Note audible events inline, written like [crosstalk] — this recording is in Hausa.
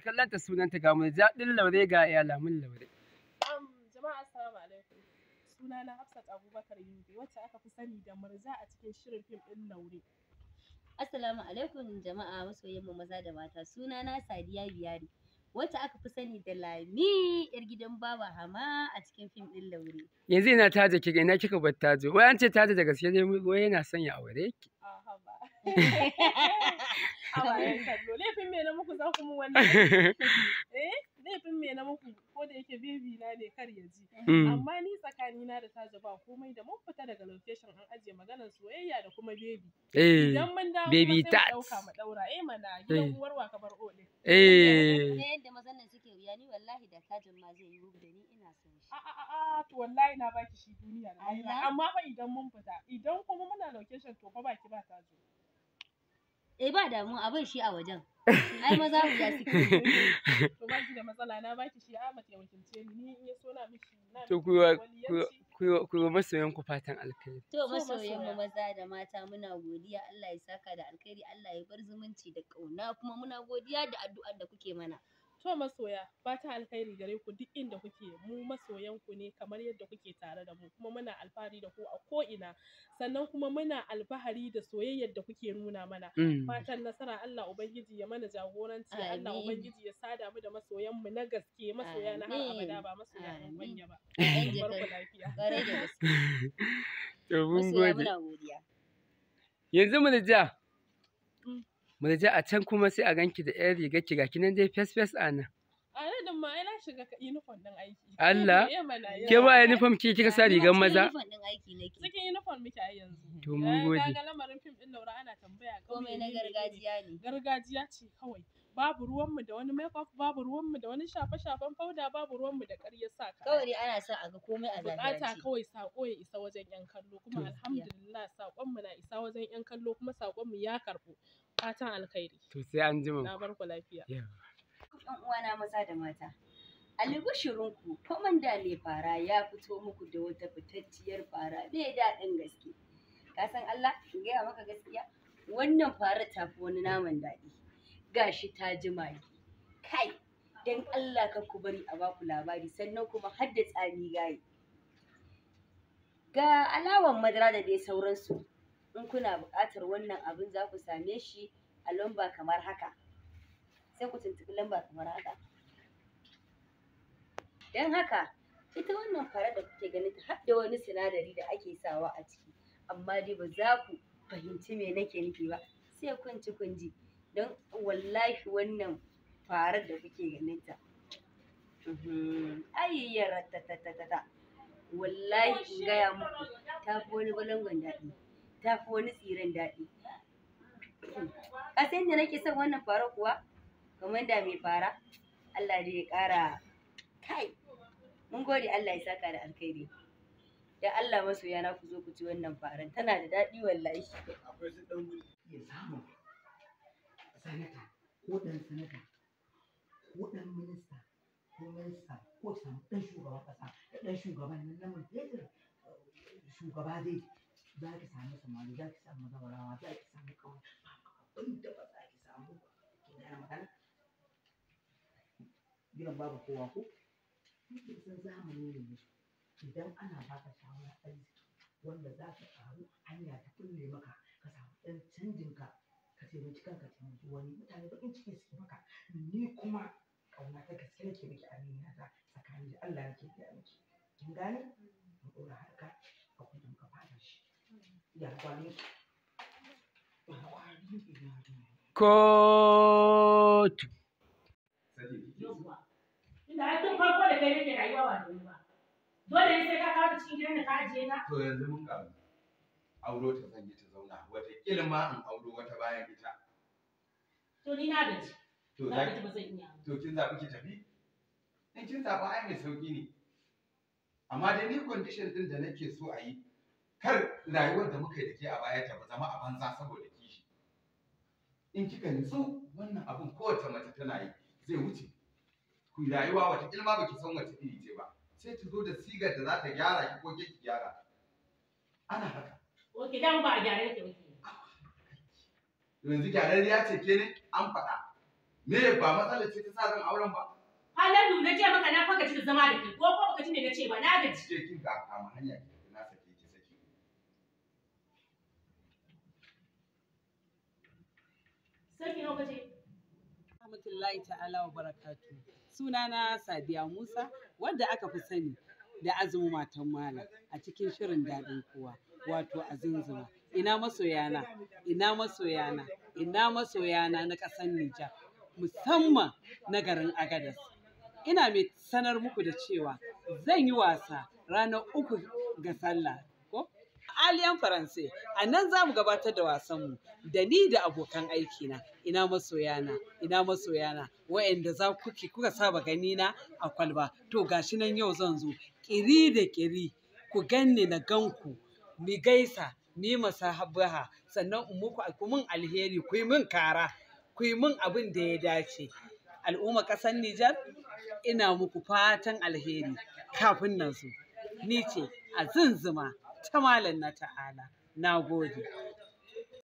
masu kallon sunanta ga mu daɗin laure ga iyalamin laure. Jama'a assalamu alaikum. Hafsat Abubakar wacce aka fi sani da Murza a cikin shirin fim ɗin laure. Assalamu alaikum jama'a masoyan mu maza da mata sunana Sadiya Biyari wacce aka fi sani da Lami yar gidan Baba Hama a cikin fim ɗin laure. Yanzu ina taje kika ina kika bar zo. wai an ce taje da gaske dai wai yana sanya aure ki. a laifin me na muku za ku mu wannan eh laifin me na muku ko yake baby ne kar ya ji amma ni tsakani na da ta ba komai da mun fita daga location an ajiye maganar soyayya da kuma baby idan mun dawo baby ta dauka mu daura eh mana gidan uwar wa kabar ole eh ne yadda mazan nan suke wuya ni wallahi da tajin ma zai yi da ni ina son shi a a a to wallahi na baki shi duniya da amma fa idan mun fita idan kuma muna location to fa baki ba tajo eh ba damu abin shi a wajen ai maza mu ya suke to ba shi da matsala na baki shi a mata mutunce ni in ya na miki na to ku ku yi masoyan ku fatan alkhairi to masoyan mu maza da mata muna godiya Allah ya saka da alkhairi Allah ya bar zumunci da kauna kuma muna godiya da addu'ar da kuke mana To masoya, fatan alkhairi gare ku duk inda kuke, mu masoyan ku ne kamar yadda kuke tare da mu, kuma muna alfahari da ku a ko'ina, sannan kuma muna alfahari da soyayyar da kuke nuna mana. Mm. Fatan nasara Allah Ubangiji ya mana jagoranci, Allah Ubangiji ya sada mu da masoyan mu na gaske, masoya na har abada ba masoya na manya ba. [laughs] [laughs] Yanzu mu da ja. Mm. mu je a can kuma sai a ganki da yan riga ki gaki nan dai fes fes a nan a nan ma ai na shiga uniform din aiki Allah ke ba uniform ki kika sa rigar maza uniform aiki nake cikin uniform muke ai yanzu to mun gode ga lamarin fim din Laura ana tambaya komai na gargajiya ne gargajiya ce kawai babu ruwanmu da wani makeup babu ruwanmu da wani shafe-shafen fauda babu ruwanmu da ƙaryar sa kaya kawai ana son a ga komai a zahirance bukata kawai sako ya isa wajen yan kallo kuma alhamdulillah sakon na isa wajen yan kallo kuma sakon ya karɓu Fatan alkhairi. To sai an ji Na bar lafiya. Yan uwana maza da mata. Albishirinku, kwamanda mai fara ya fito muku da wata fitacciyar fara mai daɗin gaske. Ka san Allah, in gaya maka gaskiya, wannan fara ta fi wani naman daɗi. Gashi ta jima Kai, dan Allah ka ku bari a baku labari sannan kuma har da tsami gaye. Ga alawan madara da dai sauransu. in kuna buƙatar wannan abun za ku same shi a lamba kamar haka sai ku tuntuɓi lamba kamar haka don haka ita wannan fara da kuke ganin ta har da wani sinadari da ake sawa a ciki amma dai ba za ku fahimci me nake nufi ba sai kun ci kun ji don wallahi wannan farar da kuke ganin ta uhm, ayyayyar ta wallahi in gaya muku ta fi wani balangon daɗi ta fi wani tsiren daɗi ka san da nake son wannan fara kuwa kamar da mai fara Allah dai ya ƙara kai mun gode Allah ya saka da alkhairi da Allah masoya na ku zo ku ci wannan faran tana da daɗi wallahi akwai su dan ya samu sanata ko dan sanata ko dan minista ko minista ko samu ɗan shugaban ƙasa da dan shugaban nan na mun shugaba dai za ki samu samari za ki samu zaurawa za ki samu kawai abin ba za ki samu ki gaya magana gidan babu kowa ko kin san zamani ne idan ana baka shawara arziki wanda za ka karu hanya ta kulle maka ka samu ɗan canjin ka ka taimaki kanka taimaki wani mutane baƙin ciki suke maka ni kuma ƙauna ta gaske nake miki amina ta tsakanin da Allah yake gaya miki kin gane mu ɗora harka a kudin ka fara shi kotu. Inda ai tun da kai Dole sai ka kawo cikin gidan da ka ajiye ta. To yanzu mun karu. Auro ta zan yi ta zauna wata ilma in auro wata bayan ita. To ni na gaji. To za ki ba zan iya. To kin zaɓi ki tafi? In kin zaɓa ai mai sauƙi ne. Amma dai ni condition ɗin da nake so a yi kar rayuwar da muka yi da ke a baya ta zama a banza saboda kishi in kika so, wannan abin kowace mace tana yi zai wuce ku rayuwa wata ilma baki san wace iri ce ba sai ki zo da sigar da za ta gyara ki ko ki gyara ana haka ki dan ba a gyara yake yanzu yanzu ya ce ke ne an faɗa me ba matsalar ce ta sa zan auren ba haladu na ce maka na fagaci da zama da kai ko ko baka ne na ce ba na gaji ke kin ga kama hanya Sarki ta'ala wa barakatu. Sunana Sadiya Musa wadda aka fi sani da azumin matan malam a cikin shirin daɗin kowa wato azunzuma. Ina masoyana, ina masoyana, ina masoyana na ƙasar Nijar musamman na garin Agadas. Ina mai sanar muku da cewa zan yi wasa ranar uku ga sallah Aliyan Faransai, A nan za mu gabatar da wasanmu da ni da abokan aikina, ina masoyana, ina masoyana, wa'anda za kuke kuka saba gani na a kwalba. To gashi nan yau zan zo, Kiri da kiri, ku ganni na ganku, mi gaisa, mi masahabaha, sannan in muku mun alheri, ku yi min kara, ku yi min abin da ya dace. Al'umma ƙasar Nijar, ina muku fatan alheri kafin nan su. Ni ce a zunzuma ta Malam na ta'ala. Na gode.